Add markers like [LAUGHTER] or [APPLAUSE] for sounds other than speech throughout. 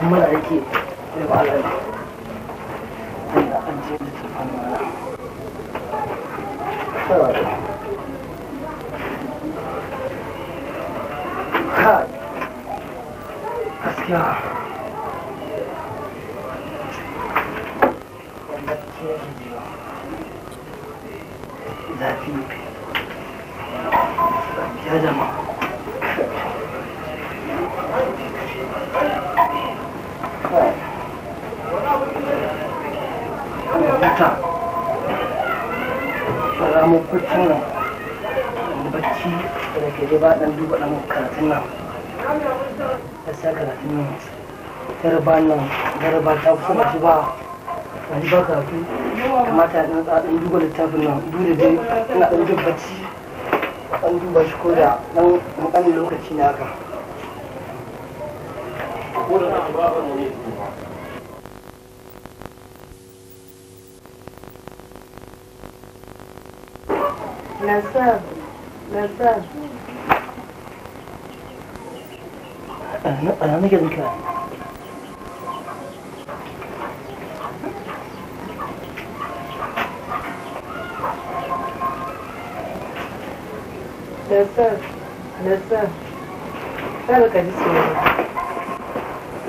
అమ్మడానికి వాళ్ళని ذاتي يا جماعه kwata fara mu kwata nan bacci da dan duba karatun nan da sa karatun nan garba nan garba ta kuma shi ba wani ba karatu kamata na tsadan duba littafin nan dole dai dan jin bacci dan duba shi ko da dan lokaci na haka. لا ساب لا ساب أنا نقدر الكلام لا ساب لا ساب هذا كان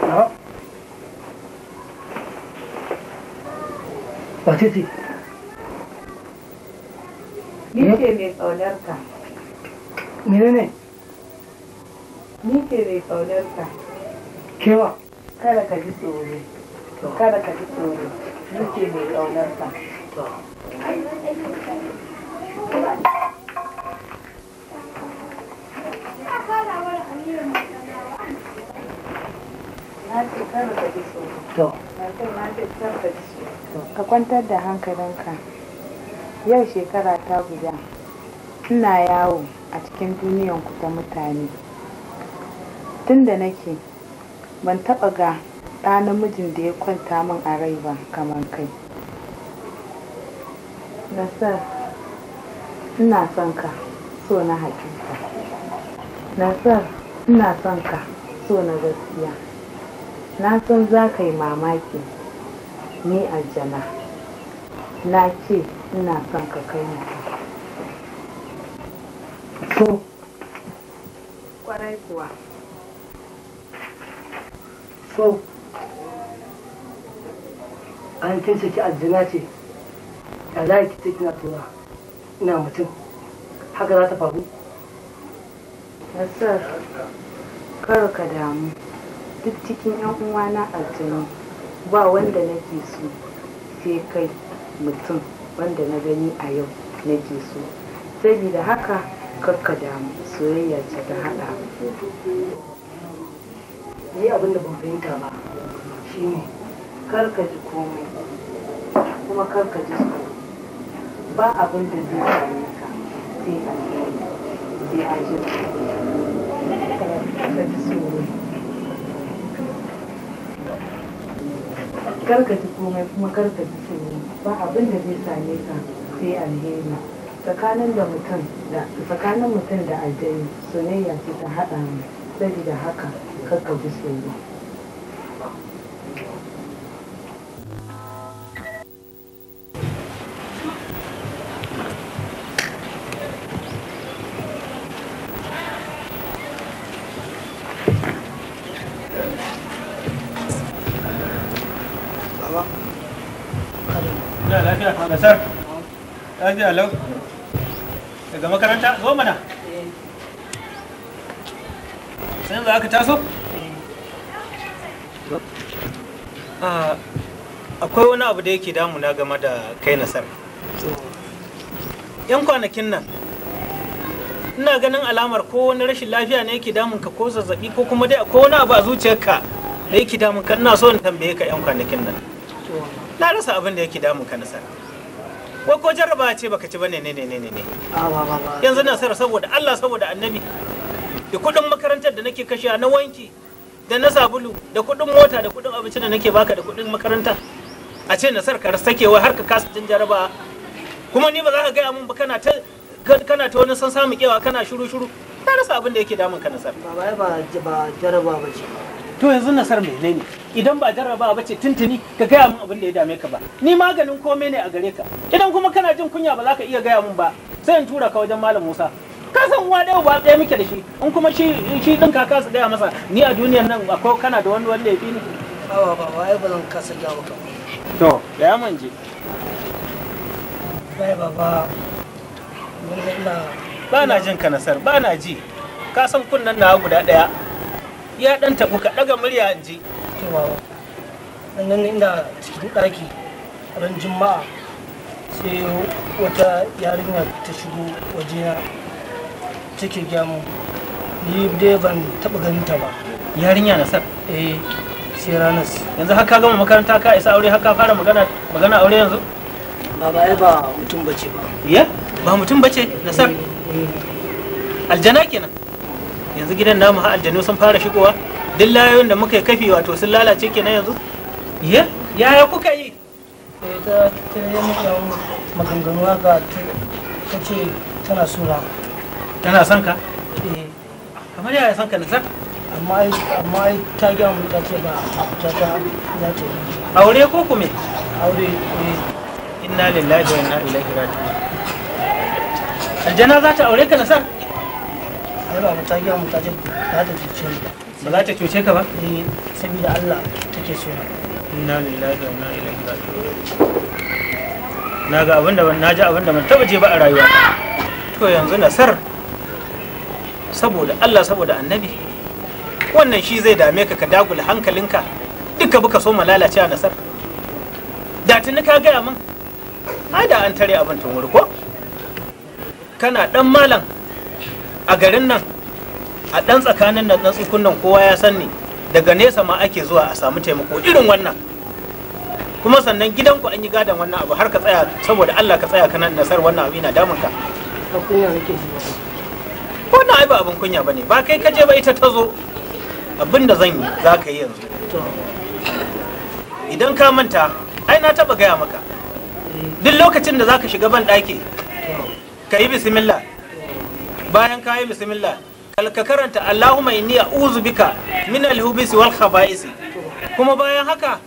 أه. يسوي Patiti. Ni ce mai tsaunarka. Ni ce mai tsaunarka. Kewa? Kada ka ji tsoro. Kada ka ji tsoro. Ni ce mai tsaunarka. To. Ka kwantar da hankalinka. yau shekara ta guda ina yawo a cikin ku ta mutane tun da nake ban taɓa ga ɗa namijin da ya kwanta min a rai ba kamar kai nasar ina son ka so na hakika nasar ina son ka so na gaskiya na san za ka yi mamaki ni aljana na ce ina son ka kai ni so kwarai kuwa so an su saki aljina ce ya za ki ce kina tura ina mutum haka za ta faru nasar kar ka damu duk cikin yan uwana aljinu ba wanda nake so sai kai mutum wanda na gani a yau nake so saboda haka kakka damu soyayya ce ta mu yi abin da ban fahimta ba shine kar ka ji komai kuma kar ka ji su ba abin da zai same ka sai a sai ajiyar ka ji su karka ji komai kuma kar ka ji su. ba abin da zai same ka sai alheri tsakanin mutum da tsakanin mutum da aljani soyayya ce ta haɗa mu sabida haka kakka bi soyayya lafiya lau daga makaranta zo mana sai za ka taso akwai wani abu da yake damuna game da kai nasar yan kwanakin nan ina ganin alamar ko wani rashin lafiya ne yake damun ka ko zazzabi ko kuma dai ko wani abu a zuciyarka da yake damun ka ina so in tambaye ka yan kwanakin nan na rasa abin da yake damun ka nasar ko ko jarraba ce baka ci bane ne ne ne ne ah, yanzu na sara saboda Allah saboda annabi da kuɗin makarantar da nake kashewa na wanki da na sabulu da kuɗin mota da kuɗin abinci da nake baka da kuɗin makaranta a ce nasar ka wai har ka kasa jin jaraba kuma ni ba za ka gaya mun ba kana ta kana ta wani san samu kewa kana shuru shuru ta rasa abin da yake damun ka nasar ba ba ba jaraba ba ce to yanzu nasar ne idan ba jarraba ba ce tuntuni ka gaya min abin da ya dame ka ba ni maganin komai ne a gare ka idan kuma kana jin kunya ba za ka iya gaya min ba sai in tura ka wajen malam Musa ka san uwa ɗaya ba ɗaya muke da shi in kuma shi shi din ka kasa gaya masa ni a duniyar nan akwai kana da wani wanda ya fi ni awa ba ba ai ba kasa gaya maka to da ya manje bai baba ba na jin ka nasar ba na ji ka san kunnan na guda ɗaya ya dan tabu ka daga murya in ji cewa nan inda cikin daki ran juma'a sai wata yarinya ta shigo waje na take gyamu ni dai ban taba ganin ta ba yarinya na sar eh sai ranar yanzu haka gama makaranta ka isa aure haka fara magana magana aure yanzu ba ba ba mutum bace ba ya ba mutum bace Na sar? Eh, eh. aljana kenan yanzu gidan namu har aljanu sun fara shigowa duk layoyin da muka yi kafi wato sun lalace kenan yanzu ye yaya kuka yi eh, ta ta yi muku maganganu haka ta ce tana sura. tana son ka eh. kamar yaya son ka nasar amma amma ta gaya mu ta ce ba ta ta ya ce aure ko kuma aure eh. inna lillahi wa inna ilaihi raji'un aljana za ta aure ka nasar ai ba mu ta gaya mu ta je za ta cuce ni ba za ta cuce ka ba eh saboda Allah take so na inna lillahi wa inna ilaihi raji'un na ga abin da na ji abin da ban taba je ba a rayuwa to yanzu nasar saboda Allah saboda annabi wannan shi zai dame ka ka dagula hankalinka duka buka so ma lalace a nasar da tuni ka gaya min ai da an tare abin tun wuri ko kana dan malam a garin nan a ɗan tsakanin nan ɗan kowa ya san ne daga nesa ma ake zuwa a samu taimako irin wannan kuma sannan gidanku an yi gadon wannan abu har ka tsaya saboda Allah ka tsaya kana nasar wannan abu yana damun ka wannan ai ba abin kunya bane ba kai ka je ba ita ta zo abin da zan yi za ka yi yanzu idan ka manta ai na taba gaya maka eh. duk lokacin da za ka shiga ban ɗaki ka yi bismillah bayan kayi bismillah ka karanta Allahumma inni a'udhu bika min al-hubisi wal khaba'isi kuma bayan haka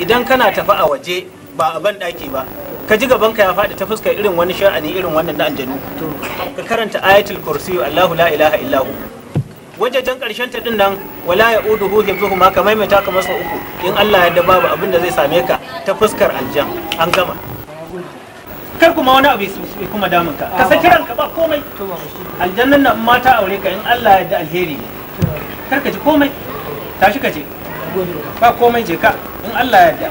idan kana tafi a waje ba a ban daki ba ka ji gaban ka ya faɗi ta fuskar irin wani sha'ani irin wannan na aljanu ka karanta ayatul kursi Allahu la ilaha waje jan karshen ta din nan wala ya'uduhu hibzuhuma ka maimaita ka masa uku in Allah ya da babu abin da zai same ka ta fuskar aljan an gama kar kuma wani abu ya kuma damun ka ka saki ka ba komai aljannan nan mata aure ka in Allah ya da alheri ne kar ka ji komai tashi ka je ba komai je ka in Allah ya da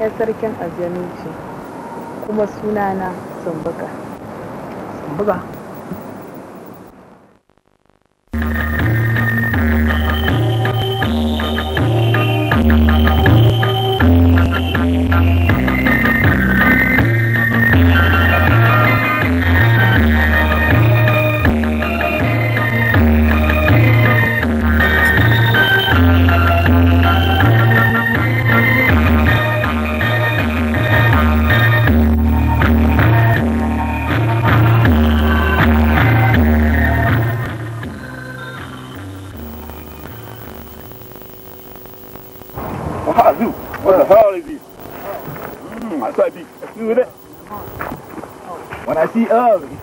'yar sarkin aljanu ce kuma sunana sambuka sambuka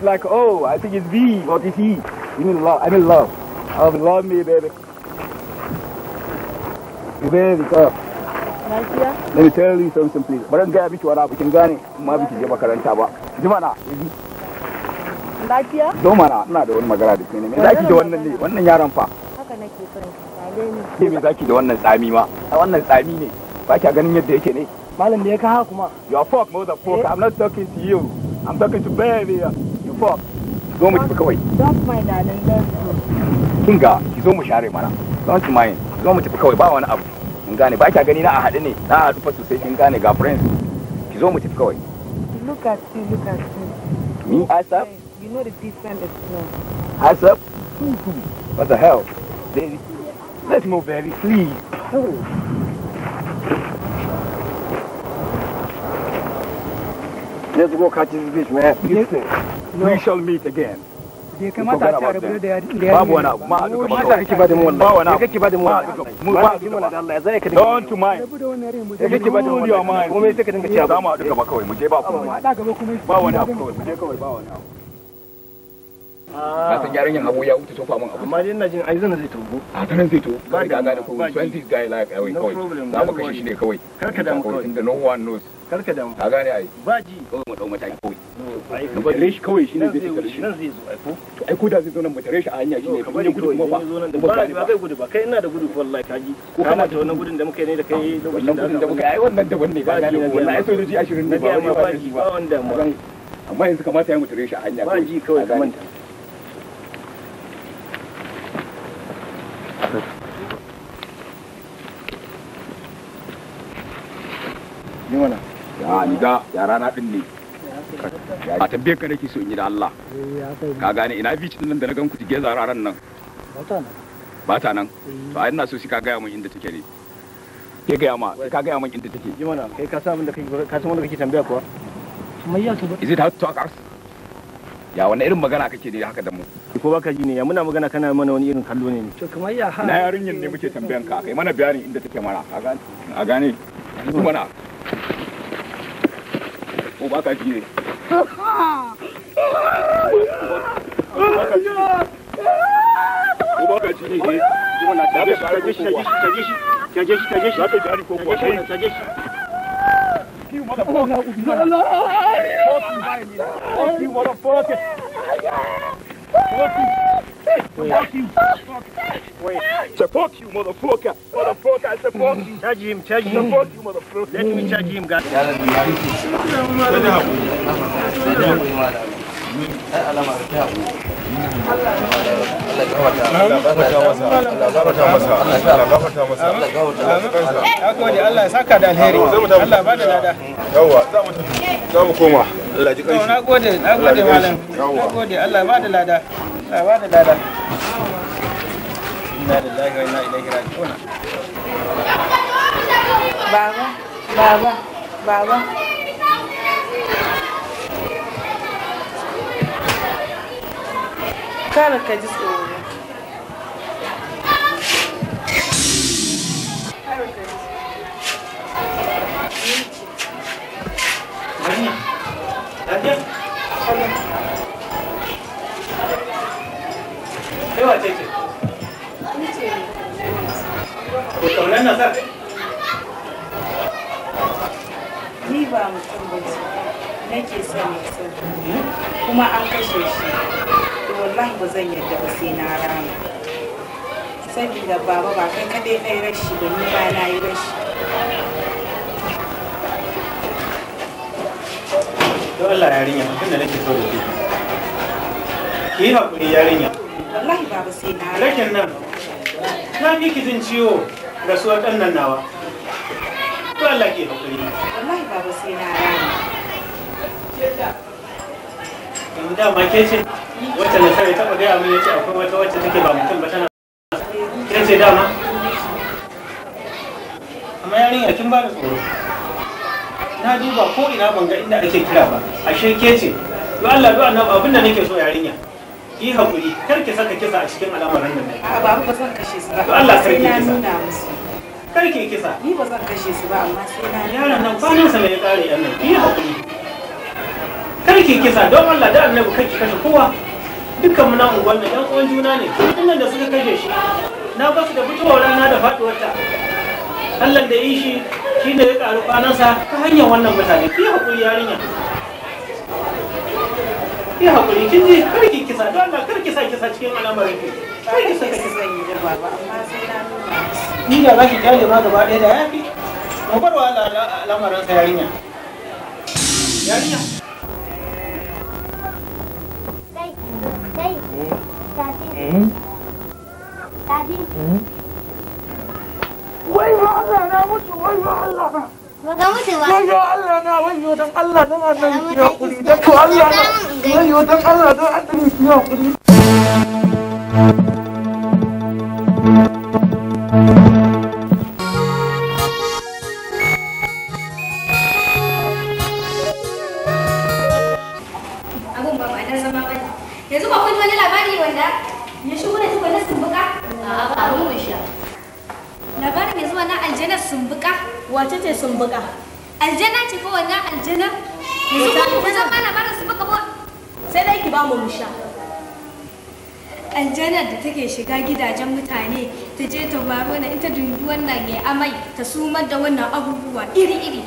like, oh, I think it's V or it's E. I'm in love. i need love. Oh, love me, baby. Baby, Nigeria. Let me tell you something, please. Baran gaya miki wani abu kin gane ma biki je makaranta ba. Ji mana. Lafiya? Do mana, ina da wani magana da ke ne. Me zaki da wannan ne? Wannan yaron fa. Haka nake son ki. Me zaki da wannan tsami ma? Wannan tsami ne. Ba ki ganin yadda yake ne. Malam me ya kawo kuma? Your fuck, mother fuck. Eh? I'm not talking to you. I'm talking to baby. Bob. Ki mu tafi kawai. Don't mind I don't Kin ga ki mu share mana. Don't mind. Zo mu tafi kawai ba wani abu. Kin gane ba kya gani na a haɗu ne. Na haɗu fa sosai kin gane ga friends. Ki mu tafi kawai. Look at you, look at me. Me, Asap? You know the difference is now. Asap? What the hell? Baby. Let's move, baby, please. Let's go catch this fish, man. Listen. we shall meet again bai kamata a ci a rabu da yari babu wani abu ma duka ba kake ba da mu wallahi ba wani abu kake ba da mu wallahi mu ba ji mana da Allah zai ka dinga don't to mind da kake ba da mu wallahi sai ka dinga ci za mu a duka ba kawai mu je ba kuma ba wani abu kawai mu je kawai ba wani abu kasan ah. yarinyan abu ya wuce tofa min abu amma dai ina jin ai zana zai togo a zai ba da gane ko 20 guy like kawai eh, za mu kashe shi ne kawai kar ka damu kawai tunda no karka damu a gane ai ba ji kawai mu mataki kawai shi kawai ne zai tafi shi nan zai zo ai ko to ai ko da zai zo nan a hanya gudu kuma ba ba ba kai gudu ba kai ina da gudu wallahi ko kana da wannan gudun da muka yi ne da kai lokacin da gudun da muka yi. wannan ba gane wallahi 20 ne ba ba ji ba wanda mu amma yanzu kamata a hanya ba ji kawai ka manta A ni ga yara na din ne a tambayar ka nake so in yi da Allah ka gane ina bi din nan da na gan ku tige zararan nan ba ta nan eh. to a ina so sai ka gaya min inda take ne ke gaya ma ka gaya min inda take mana kai ka san abin da kake ka san wanda kake tambaya kuwa to ya wani irin magana kake ne haka da mu ko baka ji ne ya muna magana kana mana wani irin kallo ne to kamar ya ha na ne muke tambayan ka kai mana inda take mara a gane a gane mana Obaka die. Obaka jini ne. What you Wait. you. Wait. fuck you, motherfucker. Motherfucker, I fuck you. Charge him, charge him. Fuck you, motherfucker. Let me charge him, guys. Allah Allah ba Allah ji kai na gode na gode malam na gode Allah ba da lada Allah ba da lada inna lillahi wa inna ilaihi raji'un baba baba baba kar ka ji tsoro lafiya ni ba mutum ba ce nake son nasar kuma an kashe shi wallahi ba zan yadda ba sai na rana saboda baba ba kai kadai rashi ba ni ba na yi rashi to Allah yarinya abin da nake so da ke ki haƙuri yarinya wallahi baba sai na rakin nan na fi ki jin ciwo da suwar ɗan nan nawa to Allah ke haƙuri wallahi baba sai na rani yanzu dama ke ce wacce na sai taɓa gaya min yace akwai wata wacce take ba mutum ba tana ke ce dama amma yarinya kin ba da tsoro na duba ko ina ban ga inda ake kira ba ashe ke ce to Allah do annabi abin da nake so yarinya yi hakuri kar ki saka kisa a cikin al'amarin nan a ba ba zan kashe su ba to Allah kar ki kisa kar ki kisa ni ba zan kashe su ba amma sai na yaron nan kwanan sa ne ya kare yan nan yi hakuri kar ki kisa don Allah da annabi kar ki kashe kowa dukkan mu na unguwar nan yan uwan juna ne nan da suka kashe shi na ba su da fitowar rana da faduwar ta Allah da yi shi shi ne ya karu kwanansa ta hanyar wannan mutane ki haƙuri yarinya ki haƙuri kin ji kar kisa don Allah kar sa kisa cikin al'amarin ki kar sa sa kisa yi da baba amma sai na nuna ni da za ki kyale ma gaba ɗaya da yafi mu bar wa al'amarin sa yarinya yarinya Daddy. Daddy. Daddy. wai ba Allah na mutu wai ba Allah na Baka mutu ba. Wayo Allah na wayo dan Allah dan annabi ki hakuri dan to Allah na wayo dan Allah dan annabi ki hakuri. da wannan abubuwa iri-iri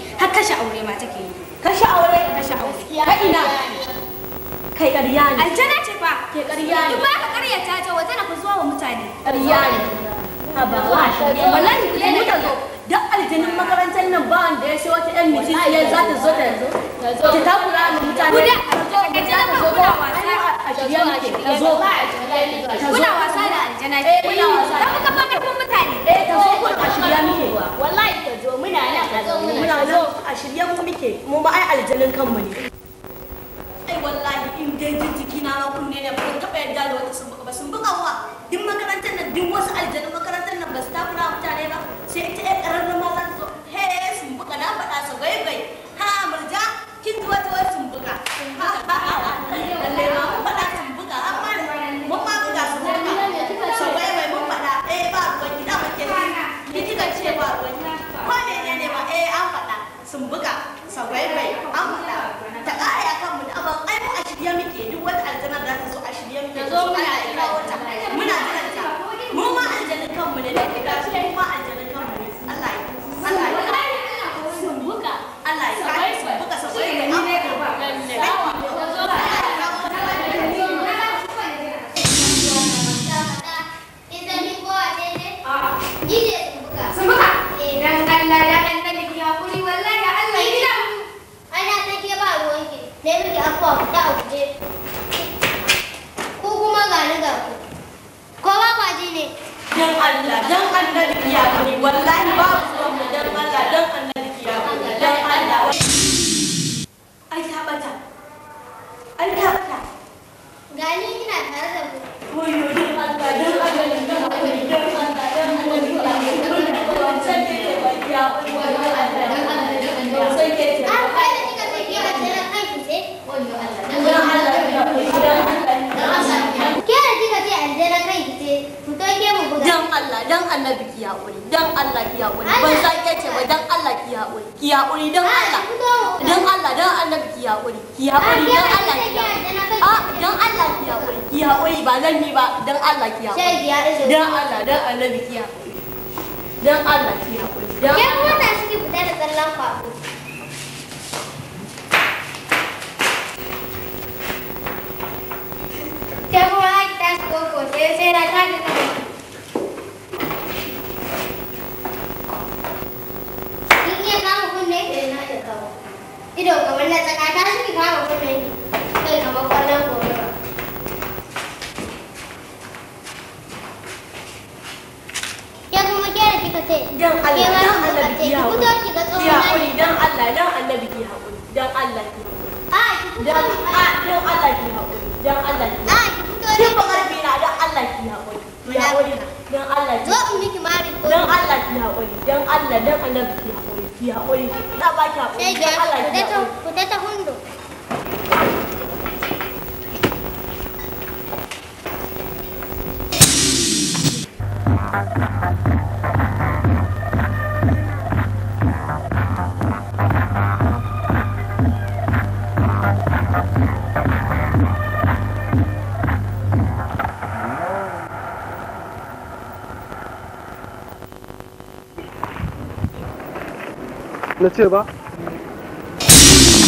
ce ba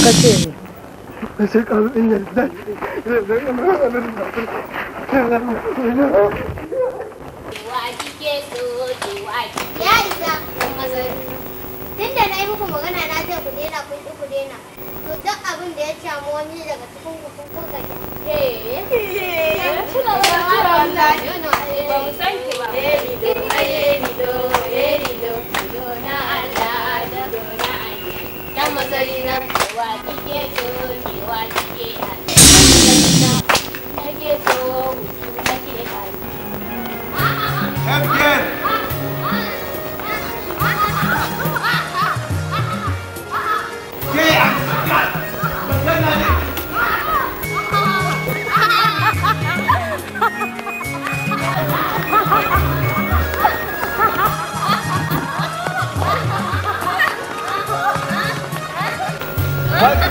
kace ne tun da na yi muku magana na ce ku daina kun ku daina to duk abin da ya samu wani daga cikin ku kun kuka ne. Eh, eh, eh, eh, eh, eh, eh, eh, eh, eh, eh,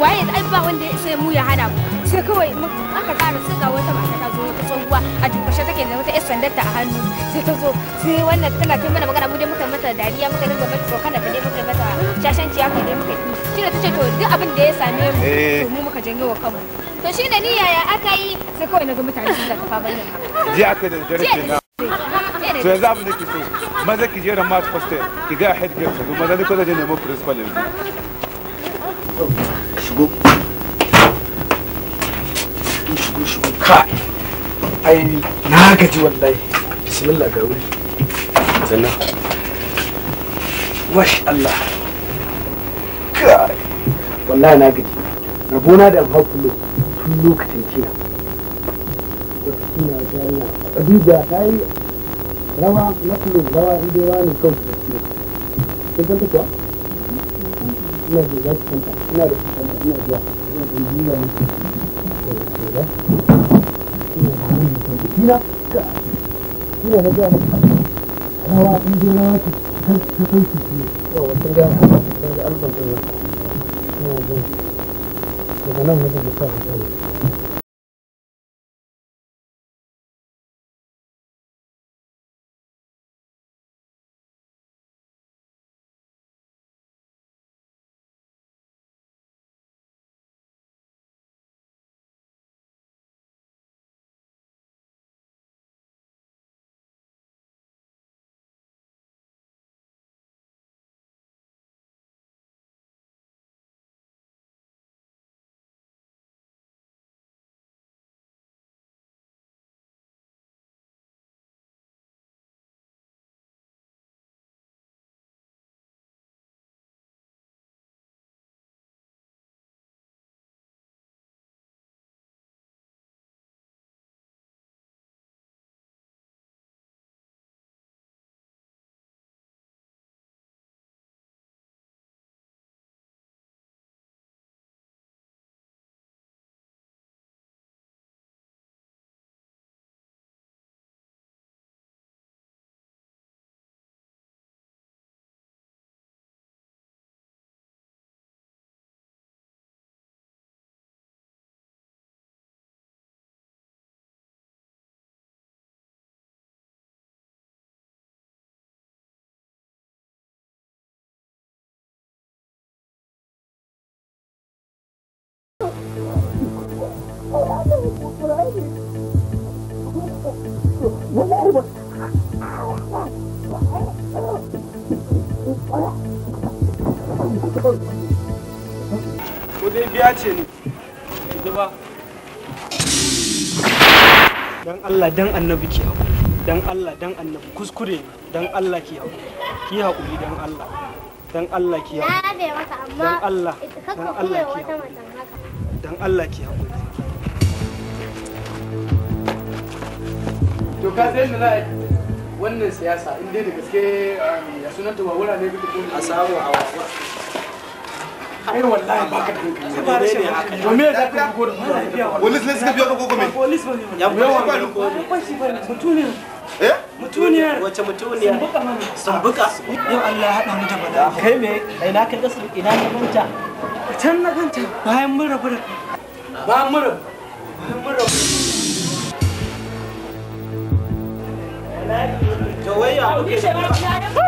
waye ai ba wanda ya isa mu ya hada ku sai kawai aka sai ga wata mata ta zo ta tsohuwa a dubashe take da wata 'yar sandar ta a hannu sai ta zo sai wannan tana ta mana magana mu dai muka mata dariya muka dinga mata kana ta dai muka mata ciya ku dai muka yi shi da ta ce to duk abin da ya same mu to eh. mu muka janyo wa kanmu to shi da ni yaya aka yi sai kawai na ga mutane sun zaka faban nan je aka da dare na to yanzu abin da ke so maza ki je ran mass koste ki ga head girl maza ni ko da je nemo principal yanzu shigo shigo shigo kai ai na gaji wallahi bismillah ga wuri sannan wash Allah kai wallahi na gaji da tun lokacin kina kina ta yi rawa na rawa ne kawai kin kuwa ina da kanta ina da ina zuwa zan ɗan duba miki da ina da mun mutum da ka kina na gaya maka kai kai da dan Allah dan annabi ki hako dan Allah dan annabi kuskure dan Allah ki hako ki haƙuri dan Allah dan Allah ki haƙuri dan Allah dan Allah ki haƙuri dan Allah ki hako. to ka sai na wannan siyasa inda da gaske um, ya sunanta wa wurare kuke a samu a wasu. ai wallahi ba ka da hankali to me da ka go da police ne suka biyo ka gogo me ya ba ba mutune eh mutuniyar wace mutuniyar sumbuka mami sumbuka yau Allah hada mu da bala kai me ai na kai kasu ina na ganta can na ganta bayan mun rabu da bayan mun rabu bayan mun rabu to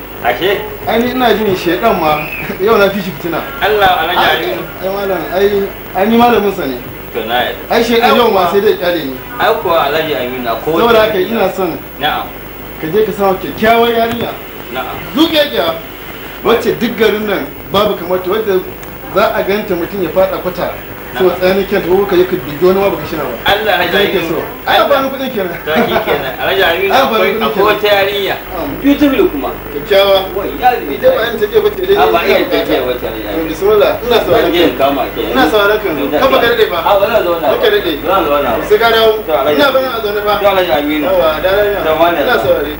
ashe ai ina jin shedan ma yau na fi shi fitina Allah alaji ayyu ai malam ai ai ni malamin sa ne to na yi ai shedan yau ma sai dai kyale ni ai kuwa alaji amina na ko saboda haka ina son na'am ka je ka samu kyakkyawar yarinya na'am zuƙeƙiya wacce duk garin nan babu kamar ta wacce za a ganta mutum ya faɗa kwata so tsani ke ko ka yake bi wani wabu shi na ba Allah ya jike so ai ba ni kudin kenan to ki kenan a alhaji Aminu [LAUGHS] akwai akwai wata yarinya beautiful kuma kyakkyawa wai ya zube ta ba in take ba ta dai ah, ba iya take ba ta to bismillah ina sauraron ka kama ke ina sauraron ka ka ba dai ah, ba a wala na ka dai zauna sai ka dawo ina ba na zo zauna ba to alhaji Aminu to wannan ina sauraron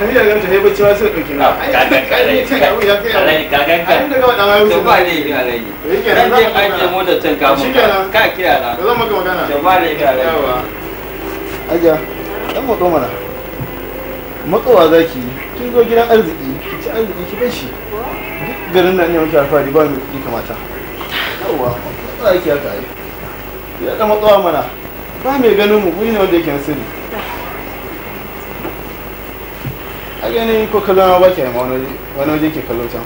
kan da ganta sai bacci sai ɗauki na kagan kare ba mana matsowa ki kin gidan arziki ki ci arziki ki duk garin nan ne alfahari ba mu kuɗi kamata yawa matsowa yake haka ai ya matsowa mana ba mai ganin mu guri ne wanda yake na sirri a gani ko kallon ba ke wani waje ke kallo can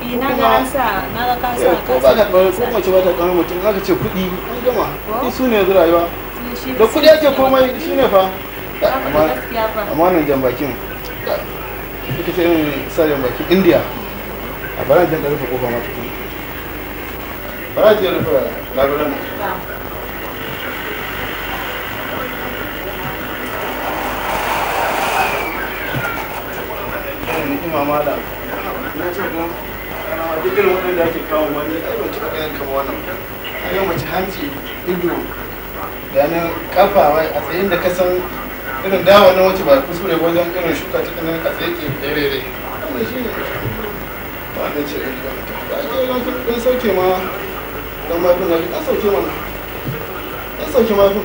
eh, na ga sa na ga ka sa eh, ko ba ka ko mace ba ta kan mutum zaka ce kuɗi an gama kuɗi su ne rayuwa da kuɗi ake komai shi ne fa amma nan jan bakin ita ce yin sa jan bakin indiya a bara jan da rufe kofa mata kuma bara jan rufe labirin ni'ima malam na ce kuma ah, duk irin waɗanda ake kawo wani ai ban taɓa kama wannan a yau mace hanci ido da nan kafa a tsayin da ka irin dawa na wace ba kuskure wajen irin shuka ta nan a tsaye ke rere wannan shi ne wannan ce da ake yi don sauke ma don mafin da don sauke mana don sauke mafin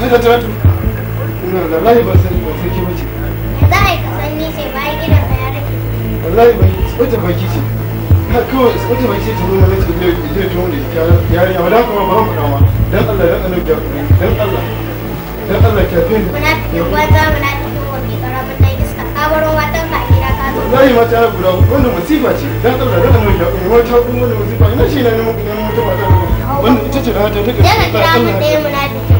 Zai da tatu. Ina da layi ba sai ba sai ke mace. Za a yi kasan ni ce bayan gidan ka ya rage. Wallahi ba wata baki ce. Kawai wata baki ce ta nuna na ce zai tuwo da yarinya ba da kuma ba mu dawa. Dan Allah dan Allah ya kuma dan Allah. Dan Allah ka fi. Muna cikin gwaza muna cikin wani karamin na iska kabarin watan ba gida ka zo. Wallahi mata guda wannan masifa ce. Dan Allah dan Allah ya kuma wata kuma wannan masifa ina shi ne na mutum ta Wannan ita ce rata take. Yana kira mun ɗaya munafiki.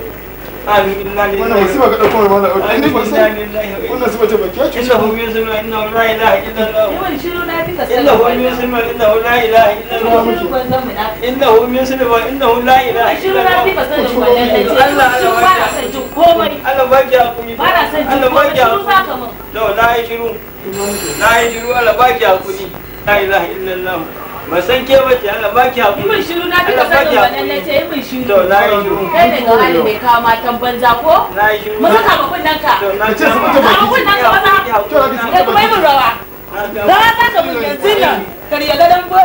amin inna lillahi wannan musiba ka dauko mana wannan inna lillahi wannan musiba ce baki ce inna hum yusma inna la ilaha illa allah yawan shiru na fi kasalla inna hum yusma inna la ilaha illa allah inna hum yusma inna la ilaha illa allah shiru na fi kasalla wannan Allah Allah ba na san jin komai Allah ba ki hakuri ba na san jin Allah ba ki hakuri zaka mun la ilaha shiru la ilaha shiru Allah ba ki hakuri la ilaha illa allah ba san ke ba ce ala ba ki haƙuri mun shiru na fi sanin wannan na ce mun shiru to na yi shiru kai ne ga wani mai kawo matan banza ko na yi shiru mun saka bakun nan ka na ce su mutu ba bakun nan ka maza ya kuma yi mun rawa za ka mun yanzu nan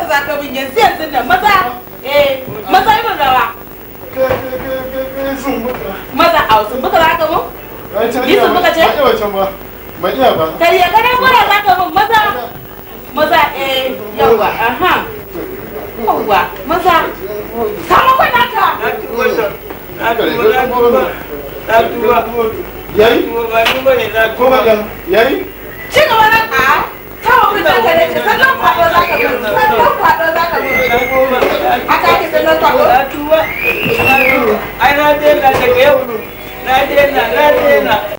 za ka mun yanzu yanzu nan maza eh maza yi mun rawa maza a buka za ka yi buka ce ba za ka mun maza maza eh yawa aha yawa maza kama kwa naka yayi kuma ga yayi ci gaba na ka kawo mun taka ne ce sallan kwado za ka mun sallan kwado za ka mun aka ake sallan kwado na tuwa ai na dena daga yau na dena na dena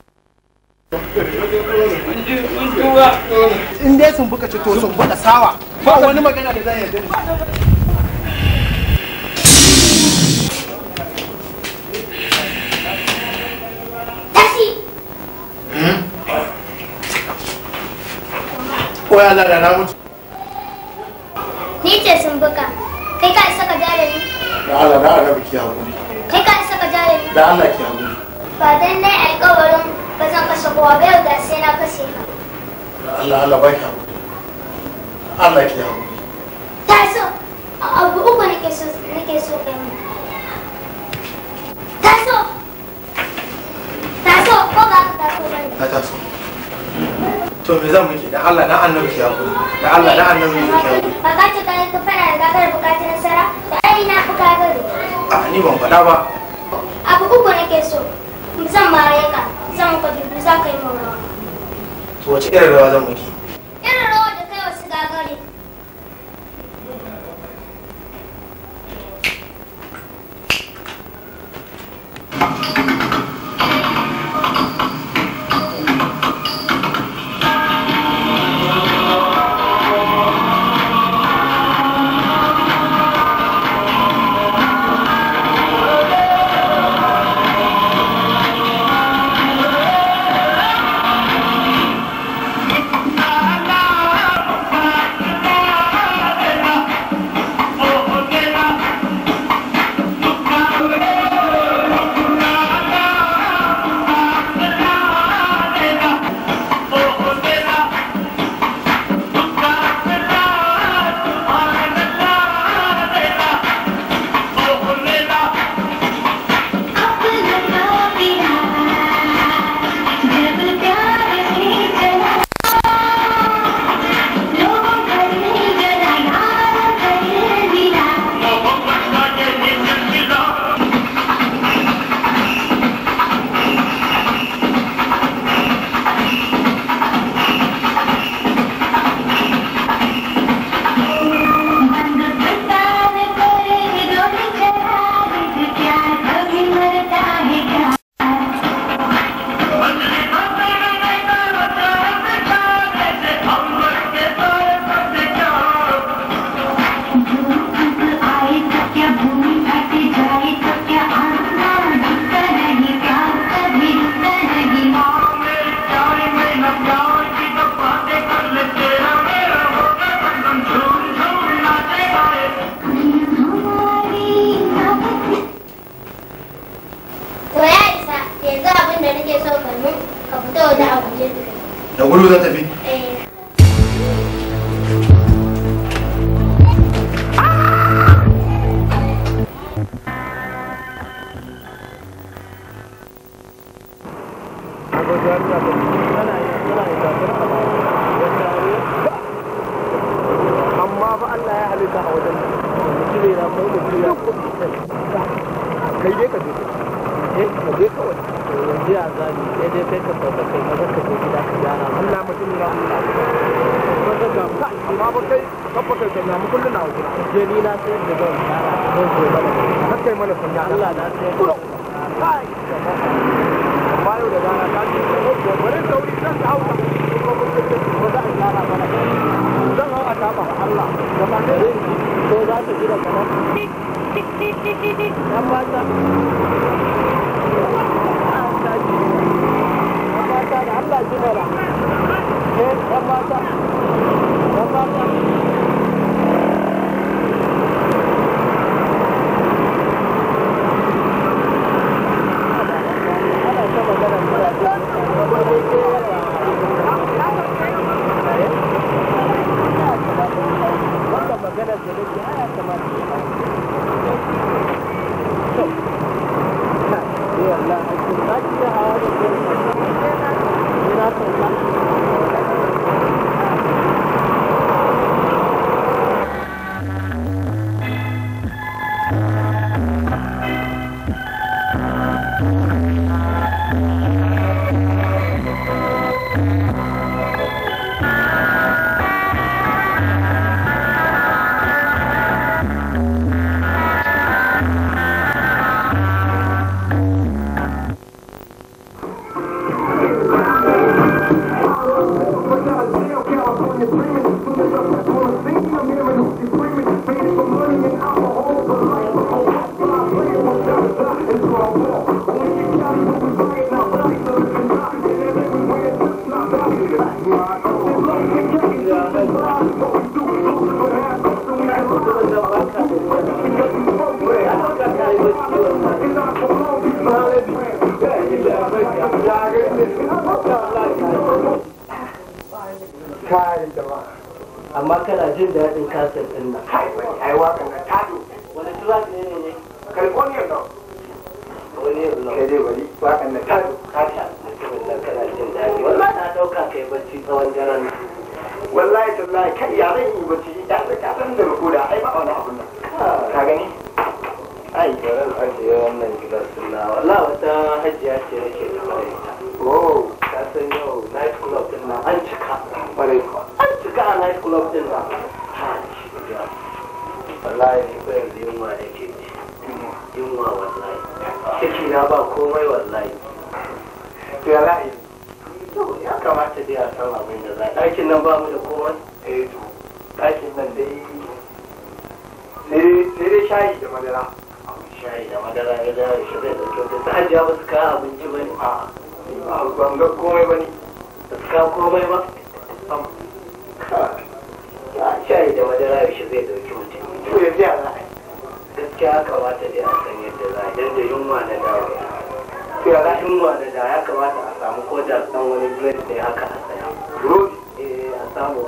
in dai sun buka ci to sun buka sawa ba wani magana da zai yarda Koya na hmm? da na mutu. Ni ce sun buka. Kai ka isa ka jarumi. ni? Da Allah da Allah biki hakuri. Kai ka isa ka jarumi. Da Allah ki hakuri. Ba dan dai alƙawarin ba zan kashe kowa ba yau da sai na kashe ka Allah Allah bai ka Allah ki hawo ta so abu uku nake so nake so kai mu ta so ta so ko ba ka taso ba ne? ta taso. to me zan muke da Allah na annabi ki hawo da Allah na annabi ki hawo ba ka ce kai ka fara da gagar bukatun nasara da ai na bukatar a ni ban faɗa ba abu uku nake so zan mare ka zan ka za ka yi mun rawa to wace irin rawa zan muke irin rawa da kai wasu gagare Thank you.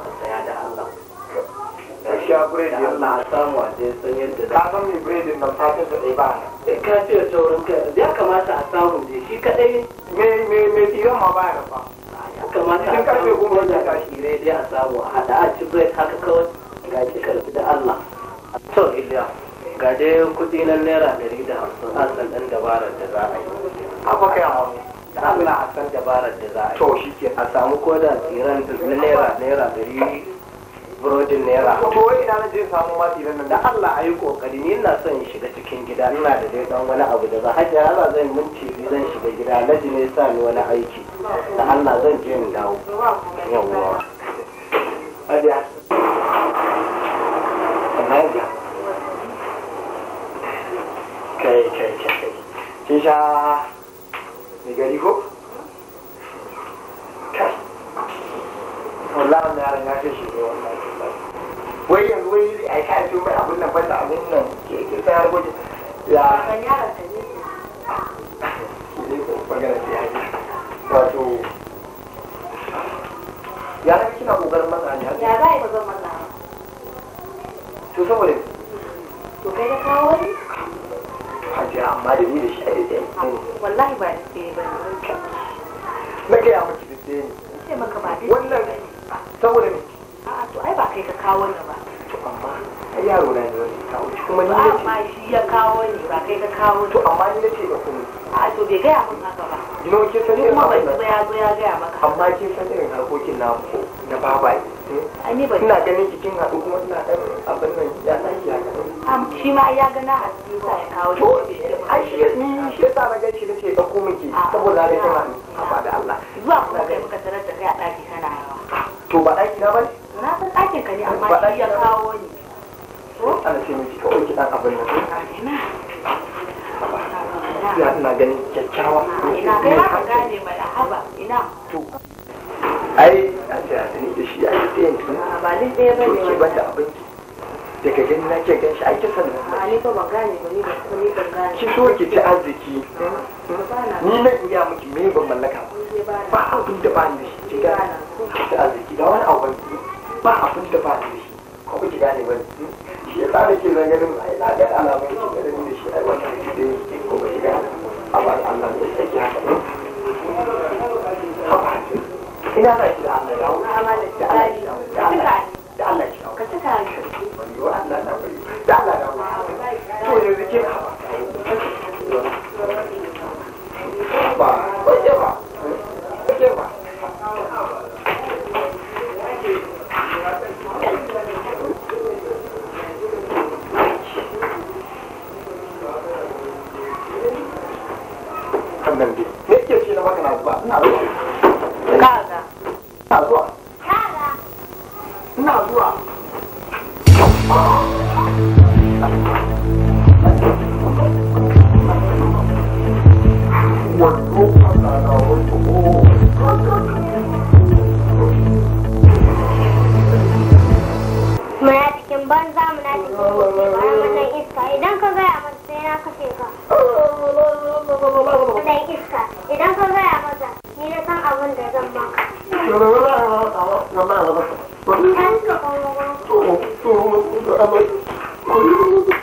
su da Allah da sha biredi Allah a samu a je san yadda da ka san mai biredin nan ta ta dai ba ne ka ce da sauran eh, ka ya kamata a samu je shi kadai me me me tiran ma ba ya ba ah, ya kamata a samu kuma da ka shi a samu a hada a ci bread haka kawai ga shi karfi da Allah A to Iliya ga dai kudi na naira da hamsin. a san dan dabarar da za a yi a baka ya mamu muna a san dabarar da za a to shi ke a samu koda tsiran na naira naira dari burodin naira to wai ina je samu ma tsiran nan da Allah ayi kokari ni ina son shiga cikin gida ina da dai dan wani abu da za hajjar Allah zan minti zan shiga gida na ji ne sa ni wani aiki da Allah zan je in dawo kai kai kai mai gari ko kai wallahi na yaran ya ce wannan ne wallahi wai yanzu wai a kai su mai abin nan banda abin nan ke ke sai har goje ya ban yara ta ne ne ko magana ce ya ji wato yaran kina kokarin masa ne ya za a yi bazan masa to saboda to kai da kawo ne hajiya amma da ni da shi ɗaya ah, ɗaya wallahi ba da ɗaya ba na gaya maki da ɗaya ne maka ba wannan saboda ne a'a ah, to ai ba kai ka kawo ni ba to amma ai yaro na ne kawo shi kuma ni ne ba shi ya kawo ni ba kai ka kawo ni to amma ni ne ce ba kuma a to bai gaya mun haka ba ino ke san irin abin da ya zo ya gaya maka amma ke san irin harkokin na ko na ina ganin cikin haɗu kuma ina dan abin nan ya tashi ya ga shi ma ya gana na haɗu sa ya kawo shi ai shi ni shi yasa na ganin shi nace ba ko miki ah. saboda da kin haɗu ah. da Allah zuwa kuma kai muka tarar da kai a ɗaki kana to ba ɗaki na ba na san ɗakin ka ne amma shi ya kawo ni ana ce miki kawai abin nan ya ina ganin kyakkyawa ah, ina ga ya gane ina to ai ce da shi a yi tsayin ah, ba ni ba ne ba abin daga gani na ke gan shi a kisan nan ba ah, ni ba ban gane ba ni ba ni ban gane ki so ki ci arziki ni na iya miki me ban mallaka ba abin da ba ni da shi ki ci arziki da wani abu ba abin da ba ni da shi ko ki gane ba shi da tsara ke zagarin ai na ga alamun shi da da shi ai wannan da ya ce ko bai ga amma Allah ya saki ina ba shi da Allah ya wuce amma da shi da ya wuce da Allah ya wuce ka cika shi da Allah ya wuce to yanzu ke ka ba na nada nada Na rua. Casa. Na rua. Uma roupa da Manatik yang banza, manatik yang na kashe ka dan iska idan ka gaya masa ni na san abin da zan maka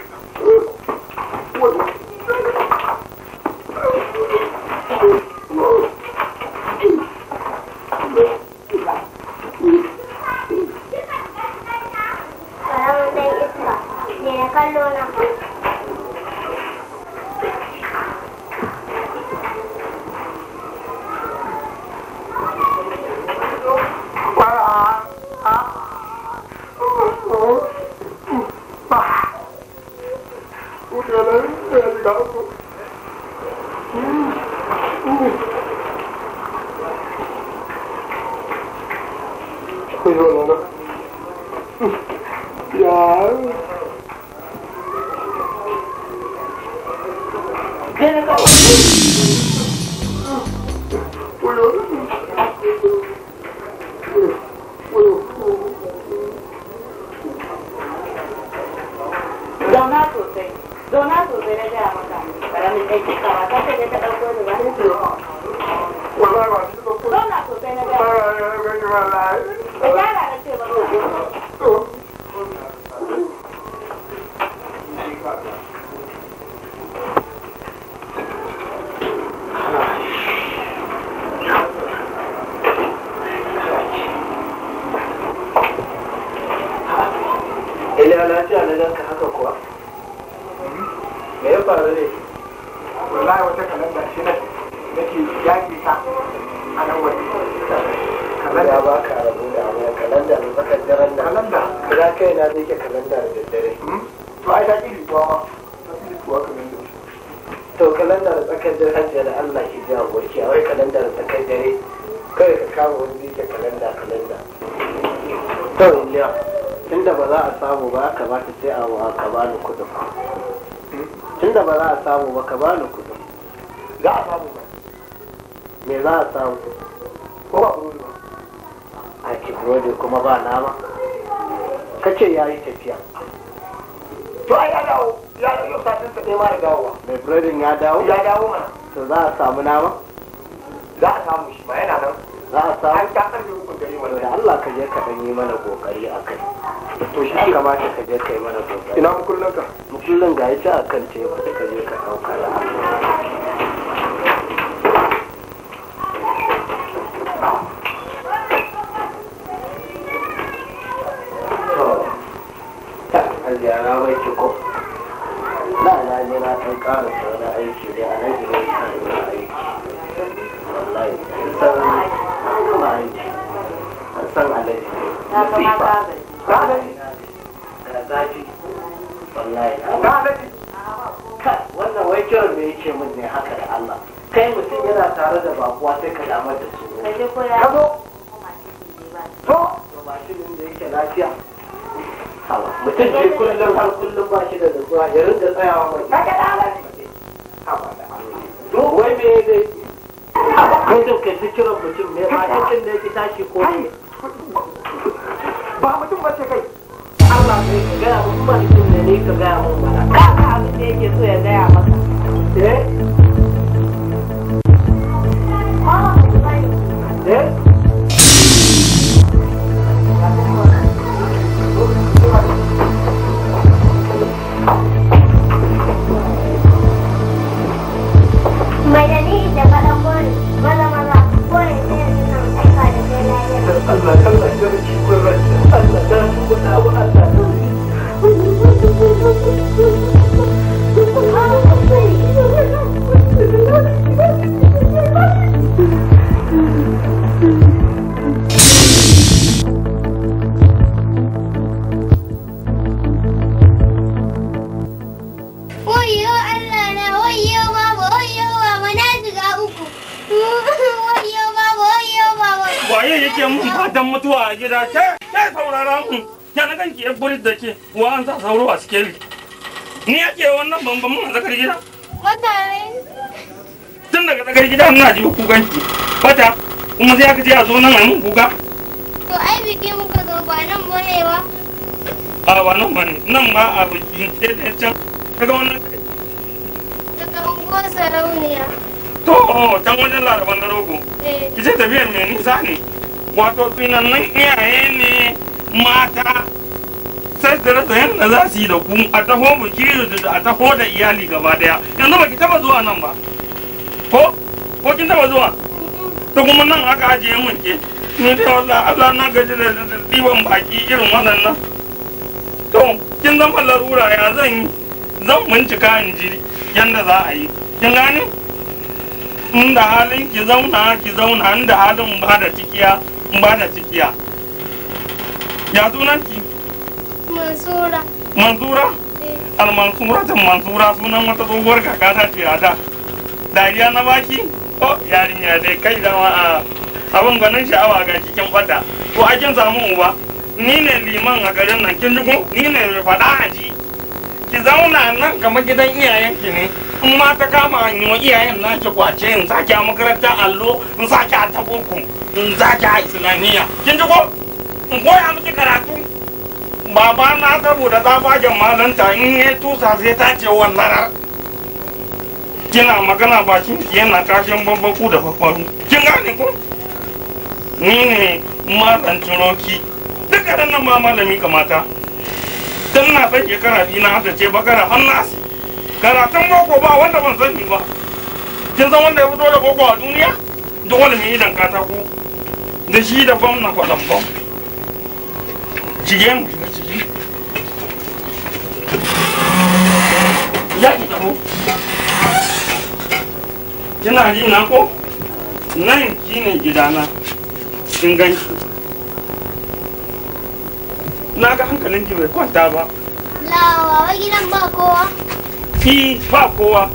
ya dawo ya dawo mana to za a samu nama za a samu shi ma yana nan za a samu an ka da hukun gari mana da Allah ka je ka dan yi mana kokari akai to shi ya kamata ka je kai mana kokari ina mukullin ka mukullin ga a kan ce tebur ka je ka dauka da Yeah, I'll wait to go. No, no, you're not going to shi dai a nan gidan kan aiki wallahi san an gama aiki an san alaji musifa ka alaji da zafi wallahi ka alaji wannan wai kiran me yake min ne haka da Allah kai mutum yana tare da bakuwa sai ka damar da su ka zo to mashinin da yake lafiya mutum ce kullum har kullum ba shi da nutsuwa ya rinka tsayawa mai wai me ya zai kai da kai ta kiran mutum ne ba yankin da yake tashi ko ne ba mutum ba ce kai Allah sai ka gaya mun ba mutum ne ne ka gaya mun ba ka ka abin da yake so ya gaya maka eh eh dan mutuwa a gida ke ke saurara mu ya na kanki ya burit da ke wa an sa sauro a cikin ni ya ke wannan bambam mun tsakar gida mutane tun daga tsakar gida ina ji kukan ki wata kuma sai aka je a zo nan a mun kuka to ai biki muka zo ba nan bane ba a ba nan bane nan ba a biki sai da can kaga wannan daga unguwar sarauniya to can wajen laraban na rogo eh. ki ce tafiyar mai nisa ne wato finannan iyaye ne mata sai da rasa yadda za su yi da ku a taho mu da a taho da iyali gaba daya yanzu ba ki taba zuwa nan ba ko ko kin taba zuwa ta kuma nan aka ajiye mun ke ni dai wallahi Allah na gaji da diban baki irin waɗannan to kin zama larura ya zan yi zan bincika in ji yadda za a yi kin gane inda da halin ki zauna ki zauna inda da halin ba da cikiya ba na cikiya ya sunanki mansura manzura eh. almansura ta mansura sunan wata tsohuwar ta ce a da dariya na baki oh yarinya dai kai da. a ah, abin gwanin sha'awa ga cikin fata ko a kin samu uba ni ne liman a garin nan kin jigo ni ne mai faɗa a ji ki zauna nan kamar gidan iyayenki ne in ma ta kama hanyo iyayen na ki kwace in sake a makarantar allo in sake a taboko in za ki a islamiyya kin ji ko in koya miki karatu baba na saboda tsafagen malanta in ya tusa sai ta ce wallarar kina magana bakin ki yana kashin babbaku da fafaru kin gane ko ni ne malam turoki duka nan ma malami kamata tun na san shekara biyu na hata ce bakara har na karatun boko ba wanda ban sani ba kin san wanda ya fito da boko a duniya dole mu yi dan ko. da shi da fam na kwaɗan fam shige mu shiga ciki ya ki tabo kina ji na ko nan shine gidana kin ganshi na ga hankalin ki bai kwanta ba lawa gidan ba kowa fi ba kowa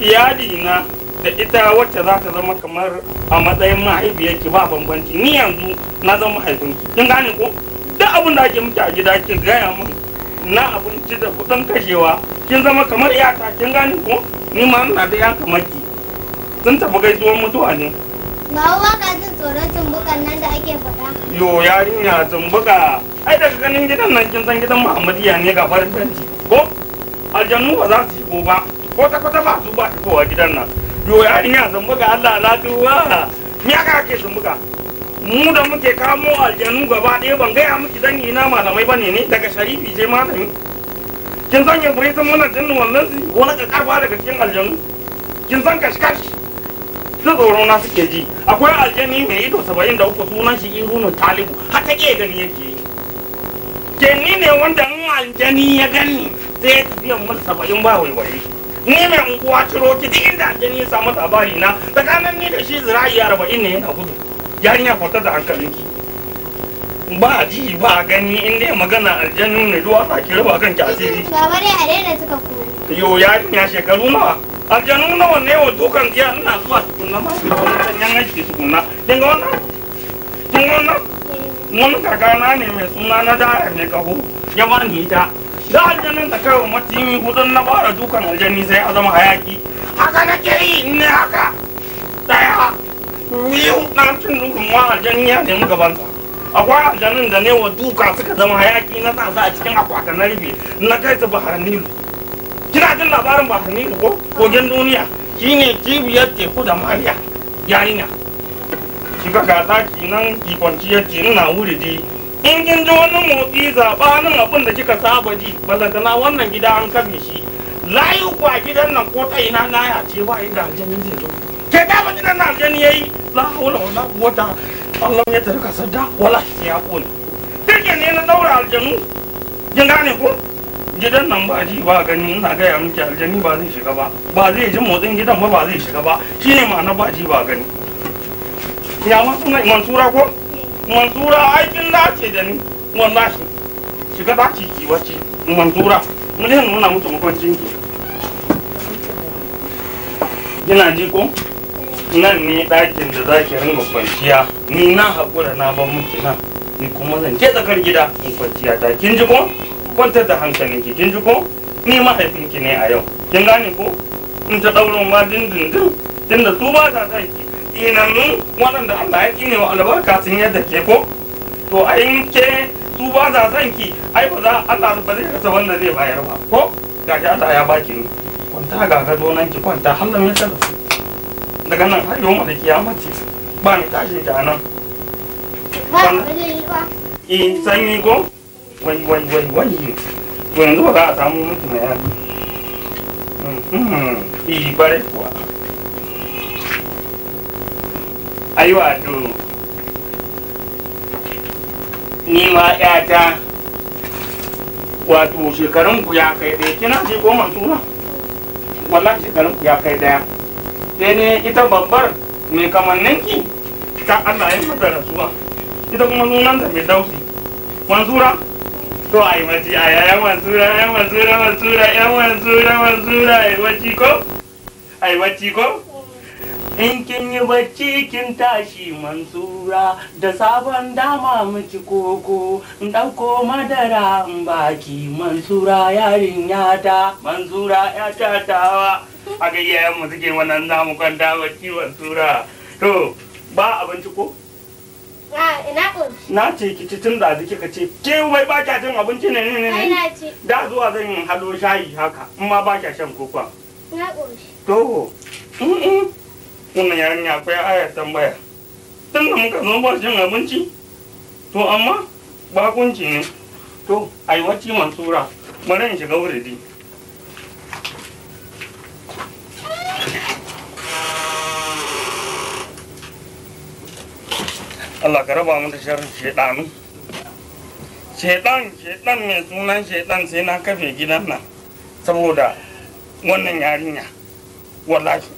iyali na da ita wacce za ta zama kamar a matsayin mahaifiyarki ba bambanci ni yanzu na zama mahaifinki kin gane ko duk abin da ake miki a gida ki gaya min na abinci da kudin kashewa kin zama kamar iyata kin gane ko ni ma ina da yan kamar sun tafi gaisuwar mutuwa ne ba wa ka tsoron tumbukan nan da ake faɗa yo yarinya tumbuka ai daga ganin gidan nan kin san gidan Muhammadiya ne ga farin ko aljannu ba za su shigo ba ko ta kwata ba su ba shigowa gidan nan yo yarinya sun buga Allah na duwa ni aka ake sun buga mu da muke kamo aljanu gaba ɗaya ban gaya miki dan ina malamai bane ne daga sharifi je malami kin san yin fure sun muna jin wannan su wani kakarwa daga cikin aljanu kin san kashi su tsoro na suke ji akwai aljani mai ido saba'in da uku sunan shi irunu talibu har ta ke gani yake ke ni ne wanda in aljani ya gani sai ya tafiya mul saba'in ba waiwaye ni mai unguwa ciro ki duk inda aljani ya samu labari na tsakanin ni da shi zira'i raba ne yana gudu yarinya kwata da hankalinki ba ji ba gani inda ya magana aljanu ne duwa ta ki raba kanki asiri baba ne, a daina suka ko yo yarinya shekaru nawa aljanu nawa ne wa dukan giya ina zuwa tukunna ma ki wannan yan aiki tukunna kin ga wannan kin wannan eh. mun kakana ne mai suna na da mai kaho ya ni ita da aljannan da kai wa hudun na fara dukan aljanni sai a zama hayaki haka nake yi ne haka daya biyu na cin dukan wa aljanni ya nemi gabansa akwai aljannin da ne wa duka suka zama hayaki na sa a cikin akwata na rufe na kai su bahar nilu kina jin labarin bahar nilu ko kogin duniya shine cibiyar teku da mariya yayinya kika gasa taki nan ki kwanciyar nuna wuri wuri in kin ji wani motsi nan abin da kika saba ji ballantana wannan gida an kame shi layu kwa gidan nan ko ta ina laya ce ba inda aljani zai zo ke ba gidan nan aljani yayi la haula wala wata Allah ya tarka sadda wala ya kone take ne na daura aljanu jin gane ko gidan nan ba ji ba gani ina gaya miki aljani ba zai shiga ba ba zai ji motsin gidan ba ba zai shiga ba shine ma'ana ba ji ba gani ya ma suna imansura ko mansura aikin dace da ni wallahi shiga dace ki wace mansura mun yi nuna mutu makwancin ki yana ji ko nan ne ɗakin da zaki ringa kwanciya ni na haƙura na ban miki nan ni kuma zan ke tsakar gida in kwanciya ta kin ji ko kwantar da ki kin ji ko ni mahaifinki ne a yau kin gane ko in ta ɗaurin ma dindindin tunda su ba ta ki tsinannu waɗanda Allah ya kine wa albarka sun yadda ke ko to yin ke su ba za san ki ai ba za Allah ba zai rasa wanda zai bayar ba ko gaji Allah ya baki ni kwanta ga gado nan ki kwanta har da mesa daga nan har yau da kiyama ba ni tashin ki nan in eh, sanyi ko wai wai wai wai to yanzu ba za a samu miki mai yaki. Iri bare kuwa. ai wato ni ma ta, wato shekarun ku ya kai ɗaya kina shi goma suna Wannan shekarun ku ya kai ɗaya sai ne ita babbar mai kamanninki ta Allah ya mata rasuwa ita kuma sunan da mai dausi mansura to ai mace a yaya mansura ya mansura mansura ya mansura mansura ai mace ko ai mace ko in kin yi bacci kin tashi mansura da sabon dama miki koko in ɗauko madara in baki mansura yarin yata mansura ya tatawa a gayyayen mu suke wannan zamu kwanta bacci mansura to ba abinci ko na ce ki ci tun da ka ce ke mai ba kya cin abinci ne ne ne da zuwa zan hado shayi haka in ma ba kya shan kokon na ƙoshi to mm, mm. wannan yarinya akwai ayar tambaya tun da muka zo ba jin abinci to amma bakunci ne to aiwaci mansura bari in shiga wuridi Allah ka raba mu da sharrin shaidanu shaidan shaidan mai sunan shaidan sai na kafe gidan nan saboda wannan yarinya wallahi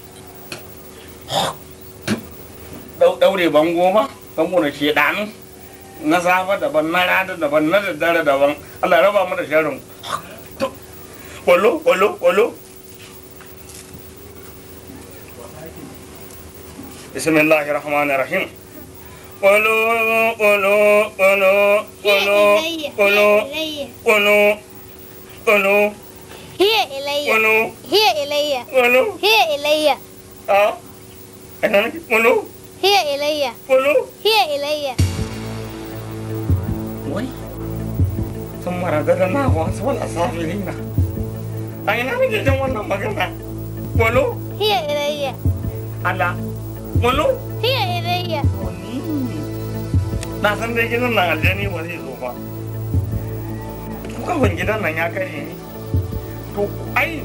daure bango ma bango na zafa na safa daban na rana daban na daddare daban Allah raba mu da sharrin wallo wallo wallo bismillahir rahmanir rahim Olo, olo, olo, olo, olo, Hiya ilayya. Olo. Hiya ilayya. Hiya ilayya. Ah. أنا لك منو؟ هي إلي منو؟ هي إلي وي ثم رددناه أسوأ الأسافلين أين أنا جوانا مغنى منو؟ هي إلي ألا منو؟ هي إلي na san dai gidan nan aljani ba zai zo gidan nan ya kare ni to ai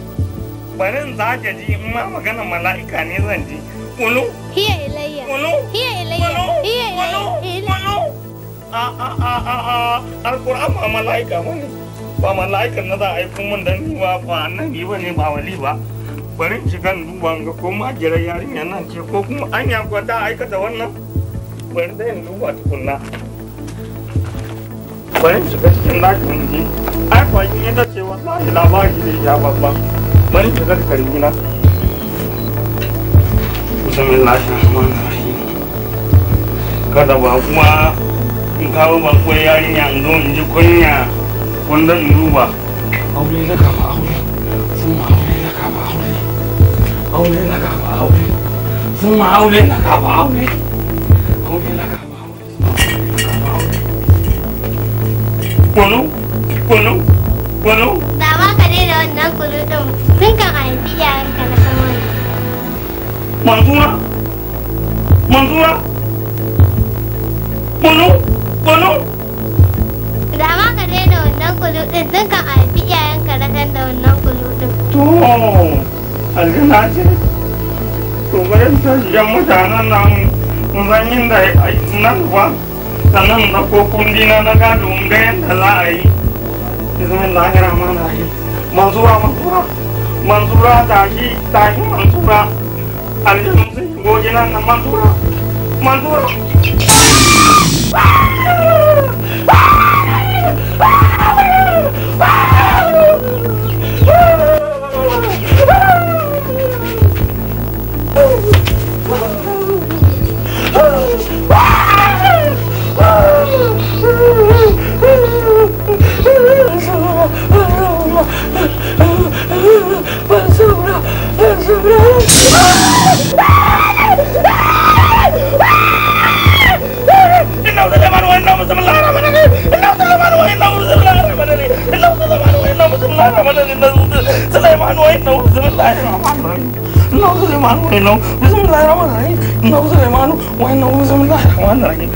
barin za ka ji in ma magana mala'ika ne zan ji Kunu? Hiya ilayya. Kunu? Hiya ilayya. Hiya ilayya. Kunu? A a a a a Alƙur'an ba mala'ika ba ne. Ba mala'ika na za a yi kuma da ni ba ba annabi ba ne ba wali ba. Bari in kan duba ga ko magirar yarinya nan ce ko kuma an ya kwata aikata wannan. Bari da in duba tukunna. Bari in shiga cikin ɗakin ji. Ai kwakin yadda ce wallahi labari zai sha babban. Bari in shiga da karbi na. bismillahir rahmanir rahim kada ba kuma in kawo bakwai yarinya in zo in ji kunya wanda in duba aure na aure na kama aure aure na kama aure sun aure na kama aure aure na kama aure kunu kunu kunu ba ma ka daina wannan ka na sama manzura manzura kunu kunu da ma ka daina wannan kunu din tun kan haifi iyayen ka da da wannan kunu din to aljina ce to bari ta jan mutanen nan mun san yin da nan ba sannan da ko dina na na gado mun ga yadda za a yi ma na yi. manzura manzura manzura ta ta tashi manzura Мандура! Мандура! Sulaiman Bismillahirrahmanirrahim Na'udhu Sulaiman wa na'udhu Bismillahirrahmanirrahim Na'udhu Sulaiman wa na'udhu Bismillahirrahmanirrahim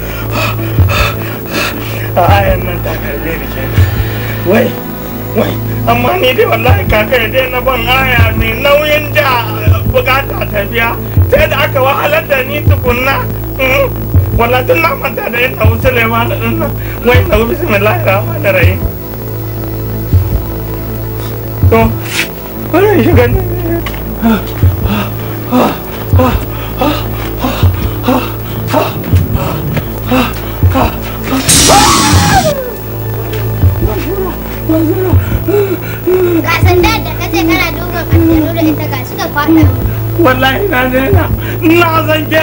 Ai nan ta karbe ni ke Wai wai amma ni dai wallahi kaka dai na ban aya mai nauyin da bukata ta biya sai da aka wahalar da ni tukunna wallahi tun na manta da yin Na'udhu Sulaiman din nan wai na'udhu Bismillahirrahmanirrahim To, Bari shiga nan. Ga sandar da kace da na daina. Na san ke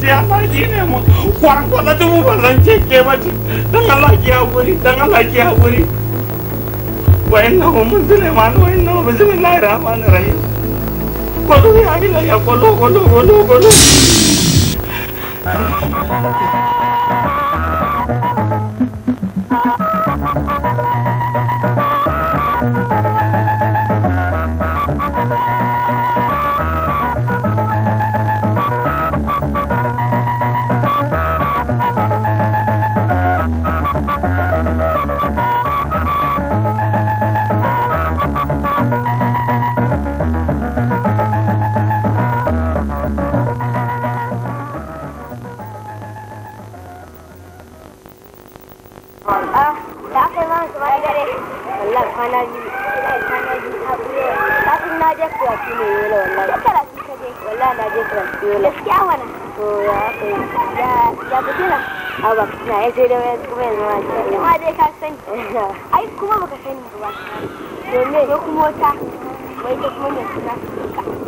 ce ya faɗi ne mu. Kwarkwata dubu ba zan ce ke ba ce. Dan Allah ki haƙuri, dan Allah ki haƙuri. وإنهم سليمان وإنه بسم الله الرحمن الرحيم قلوا يا إلهي قلوا قلوا قلوا قلوا da aka yi mana su a dare wallah kwana biyu kwana biyu ta ɓuya kafin na je karatu ne yola ya karatu ka je wallah na je karatu yola gaskiya mana ya aka yi ya ya fi tuna a ba na ya sai da wani kuma yanzu ma ce kuma dai ka sani ai kuma baka sani ba domin ko kuma wata wai ta kuma mai suna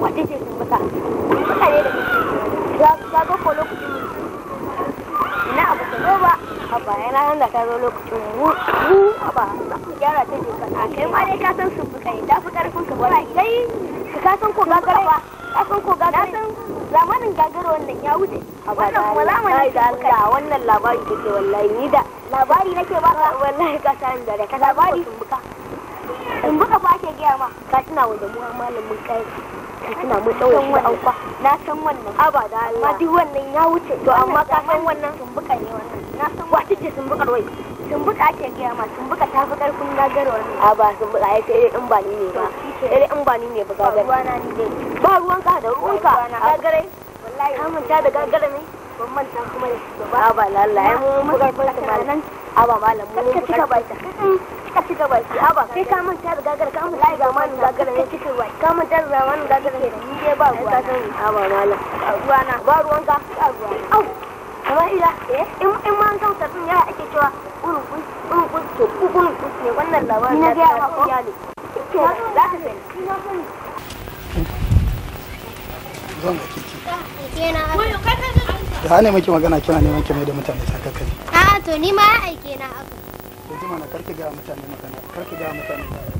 wata ce sun mata da ga ina ba da mu ba za mu gyara ta kai ma dai ka san kai ka san ko wannan ya wuce wannan wala mu ne da Allah wannan labari kake wallahi ni da ba ka da ka ka tuna wa malamin kai ka tuna na san wannan duk wannan ya wuce to amma ka san wannan sun buka ne wannan na san wata ce sun buka wai tumbuka ake gaya ma tumbuka ta fi karfin gagarwar ne a ba tumbuka ya sai in ba ni ne ba sai in ba ni ne ba gagar ba ruwanka da ruwanka gagarai wallahi ka manta da gagara ne ban manta kuma da shi ba a ba lallai mu mu karfin ka malam a ba malam mu ka cika baita ka cika baki a ba sai ka manta da gagara ka manta da zamanin gagara ne cika baki ka manta da zamanin gagara ne ni ba ruwa a ba malam ba ruwanka ba ruwanka au kamar ila eh, in in ma san sabbin ake cewa unu kun unu kun to ku unu kun ne wannan labarin na ga ma ko yalo kike za ka sani zan ga kike da ne muke magana kina neman ki mai da mutane sakaka ne a to ni ma aike na abu to ji na karki ga mutane magana karki ga mutane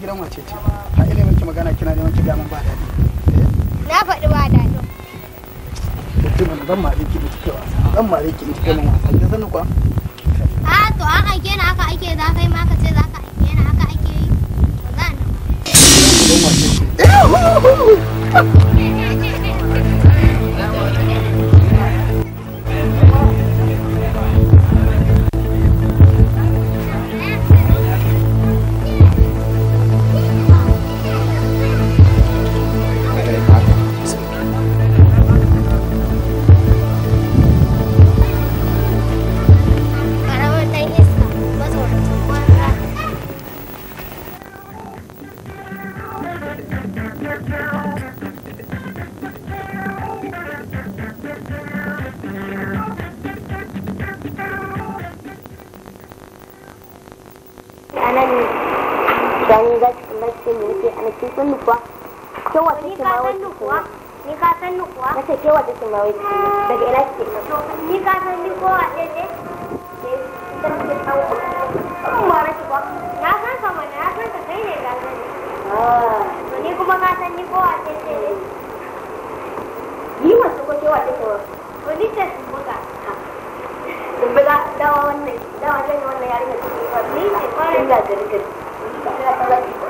gidan wace ce a ilimin ki magana kina neman ki gamin ba daɗi eh? na faɗi ba daɗi mutumin zan mare ki da kike wasa ban mare ki in kike min wasa kin sani kuwa a to an aike ni haka ake za kai ma ka ce za ka aike ni haka ake yi ba za ni ba eh, kuwa na ce ke wata daga ina to ni ka san ni ko a ɗaya ne ke san ke tsawo kun ma na kuwa na san ka mana na san ka kai ne ga san to ni kuma ka san ni ko a ɗaya ne ni wasu ko ke wata sun to ni ce sun buga sun buga dawa wannan dawa zai wannan yarinya sun buga ni ce kwarai ga gargari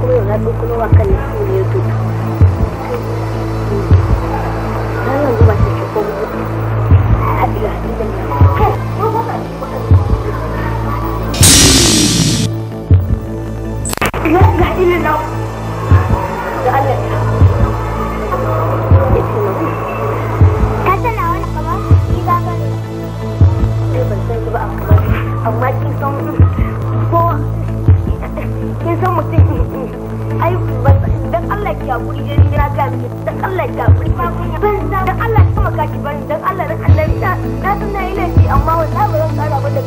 ころをなくの若い人に言うと。ya kuri je na ga miki dan Allah ya kuri ba mun ban dan Allah kuma ka ki bani dan Allah na Allah na na san na yi laifi amma wallahi ba zan kara ba da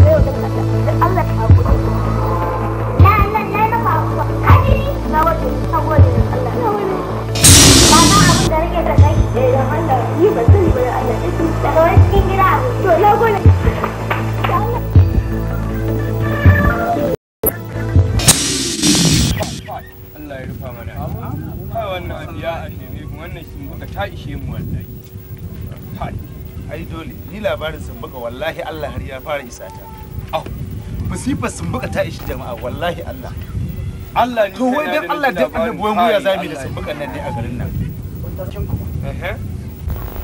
labarin sumbuka wallahi Allah har ya fara isa ta. Au, musifar sumbuka ta ishi jama'a wallahi Allah. Allah ne. To wai dan Allah dan annabi wai mu ya zami da sumbukan nan ne a garin nan.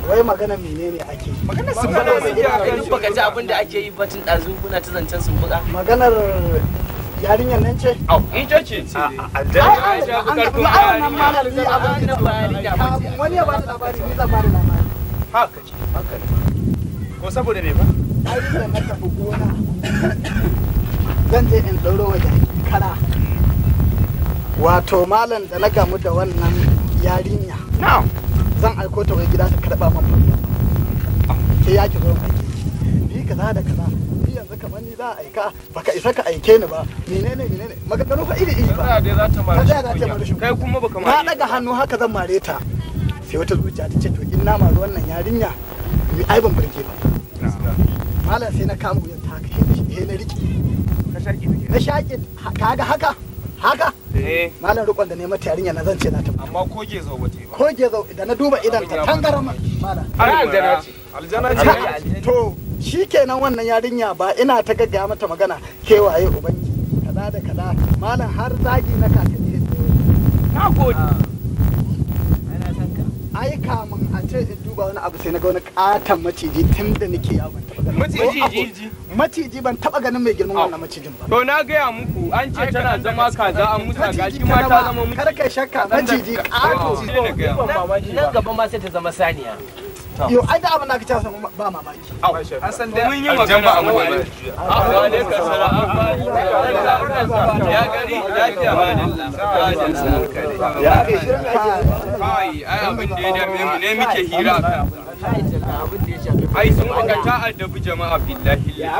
Wai magana menene ake? Magana sumbuka ne ake yi. Duk baka ji abin da ake yi batun dazu kuna ta zancen sumbuka. Maganar yarinyar nan ce? Au, in ce. ce. A da ya ja karfin bayani. Ma'ana nan ma na abin da ba ni labari. Wani ya ba da labari, ni zan ba da labari. Haka ce. ko saboda me fa ai da na gona zan je in ɗauro wa kara wato malam da na gamu da wannan yarinya zan aiko ta waje gida ta karɓa mafi ke ya ki zo bi kaza da kaza bi yanzu kamar ni za a aika baka isa ka aike ni ba menene menene maganganu fa iri iri ba za ta mara shi kai kuma baka mare na daga hannu haka zan mare ta sai wata zuciya ta ce to ina na wannan yarinya ai ban burge ba malam sai na kama wuyan ta haka eh na riki ka shaki take na shaki kaga haka haka eh malam rukon da neman yarinya na ce na ta amma ko ke zo bate ba ko ke zo idan na duba idan ta tangarama malam aljana ce aljana ce to shikenan wannan yarinya ba ina ta gaggaya mata magana kewaye ubangi kaza da kaza malam har zagi na kakanni na gode ah. ai kamun a ce in duba wani abu sai na ga wani katon maciji tun da nake yawon maciji ban taba ganin mai girman wannan macijin ba to na gaya muku an ce tana zama kaza an mutu ma ta zama kar shakka maciji kato nan gaba ma sai ta zama saniya Yo ai da abin da ba mamaki. An san mun yi magana ba abu Ya gari lafiya ba Ya ke kai. Ai abin da ya mu ne muke hira. Ai sun aka ta addabi jama'a billahi. Ya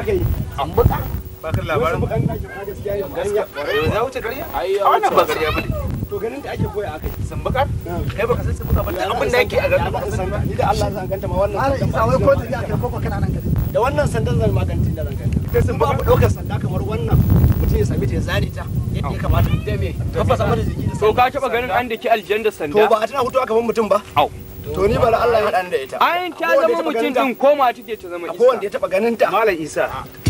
An buka. Bakar labarin. wuce Ai wannan ba gari to ganin da ake koya akai sambakar kai baka san sambakar ba da abin da yake a garin baka san ni da Allah zan ganta ma wannan sanda ba wai ko tafi akai koko kana nan gari da wannan sandan zan magance da zan ganta kai sun ba mu sanda kamar wannan mutum ya same ta ya zare ta yadda ya kamata da me tabbata mata jiki to ka taba ganin an dake aljanna sanda to ba a tana hutuwa ban mutum ba au to ni bala Allah ya da ita ayin ta zama mutum din koma take ta zama isa ko wanda ya taba ganin ta malam isa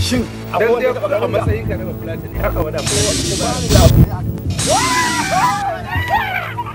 shin akwai wanda ya taba ganin matsayin ka na platinum haka wada ta. Ah!